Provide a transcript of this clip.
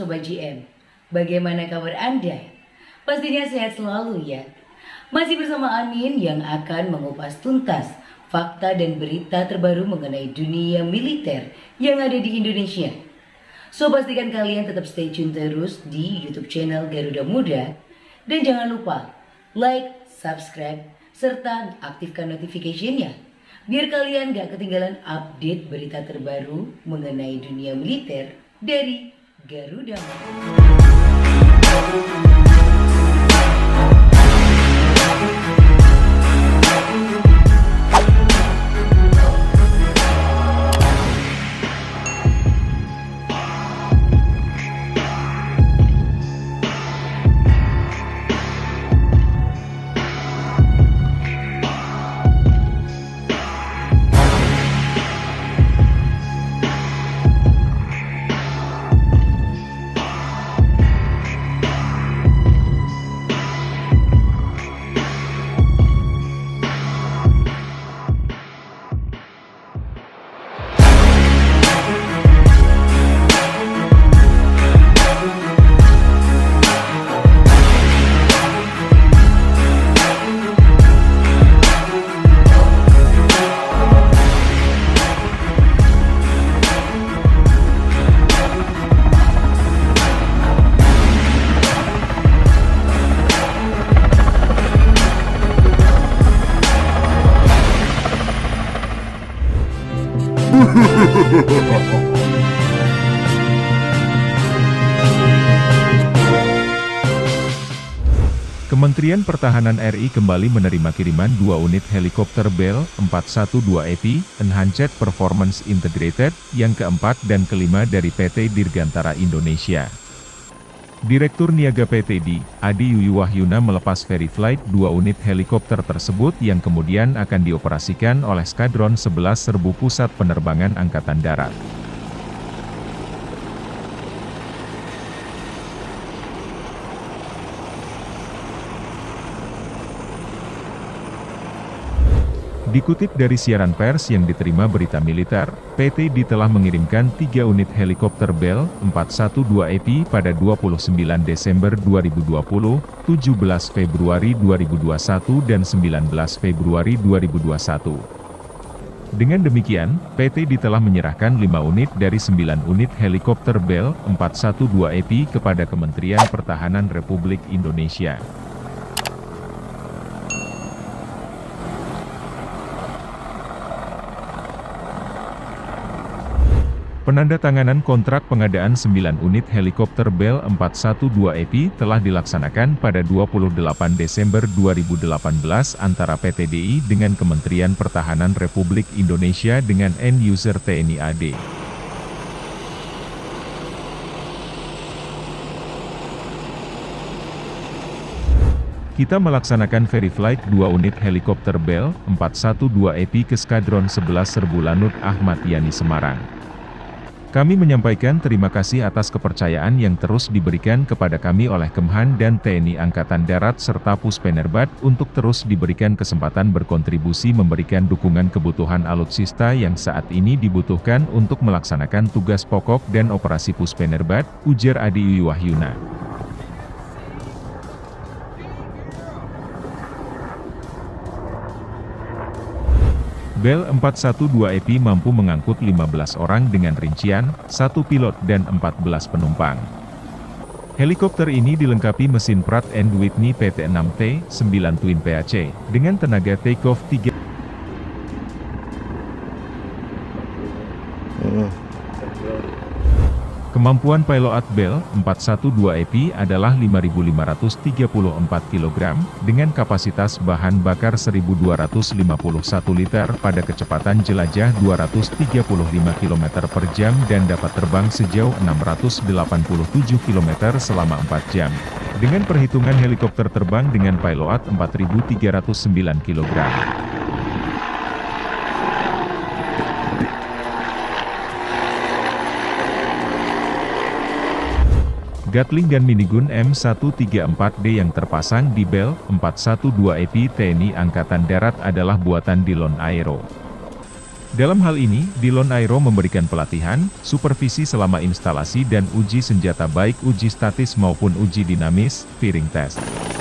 Sobat GM Bagaimana kabar Anda? Pastinya sehat selalu ya Masih bersama Amin yang akan mengupas tuntas Fakta dan berita terbaru mengenai dunia militer yang ada di Indonesia So pastikan kalian tetap stay tune terus di Youtube channel Garuda Muda Dan jangan lupa like, subscribe, serta aktifkan notification biar kalian gak ketinggalan update berita terbaru mengenai dunia militer dari Garuda. Garuda. Kementerian Pertahanan RI kembali menerima kiriman dua unit helikopter Bell 412EP e Enhanced Performance Integrated yang keempat dan kelima dari PT Dirgantara Indonesia. Direktur Niaga PT DI, Adi Yuyu Wahyuna melepas ferry flight dua unit helikopter tersebut yang kemudian akan dioperasikan oleh Skadron 11 Serbu Pusat Penerbangan Angkatan Darat. Dikutip dari siaran pers yang diterima berita militer, PT DI telah mengirimkan tiga unit helikopter Bell 412EP e pada 29 Desember 2020, 17 Februari 2021 dan 19 Februari 2021. Dengan demikian, PT DI telah menyerahkan lima unit dari sembilan unit helikopter Bell 412EP e kepada Kementerian Pertahanan Republik Indonesia. tanganan kontrak pengadaan 9 unit helikopter Bell 412 EP telah dilaksanakan pada 28 Desember 2018 antara PT DI dengan Kementerian Pertahanan Republik Indonesia dengan end user TNI AD. kita melaksanakan ferry flight 2 unit helikopter Bell 412 EP ke Skadron 11 Serbulanut Ahmad Yani Semarang. Kami menyampaikan terima kasih atas kepercayaan yang terus diberikan kepada kami oleh Kemhan dan TNI Angkatan Darat serta Puspenerbat untuk terus diberikan kesempatan berkontribusi memberikan dukungan kebutuhan alutsista yang saat ini dibutuhkan untuk melaksanakan tugas pokok dan operasi Puspenerbat, ujar Adi Wahyuna. Bell 412EP e mampu mengangkut 15 orang dengan rincian, satu pilot dan 14 penumpang. Helikopter ini dilengkapi mesin Pratt and Whitney PT-6T, 9 Twin PAC, dengan tenaga takeoff 3. Hmm. Kemampuan payload Bell 412EP adalah 5.534 kg dengan kapasitas bahan bakar 1.251 liter pada kecepatan jelajah 235 km per jam dan dapat terbang sejauh 687 km selama 4 jam. Dengan perhitungan helikopter terbang dengan payload 4.309 kg. Gatling dan minigun M134D yang terpasang di Bell 412EP e TNI Angkatan Darat adalah buatan Dillon Aero. Dalam hal ini, Dillon Aero memberikan pelatihan, supervisi selama instalasi dan uji senjata baik uji statis maupun uji dinamis, firing test.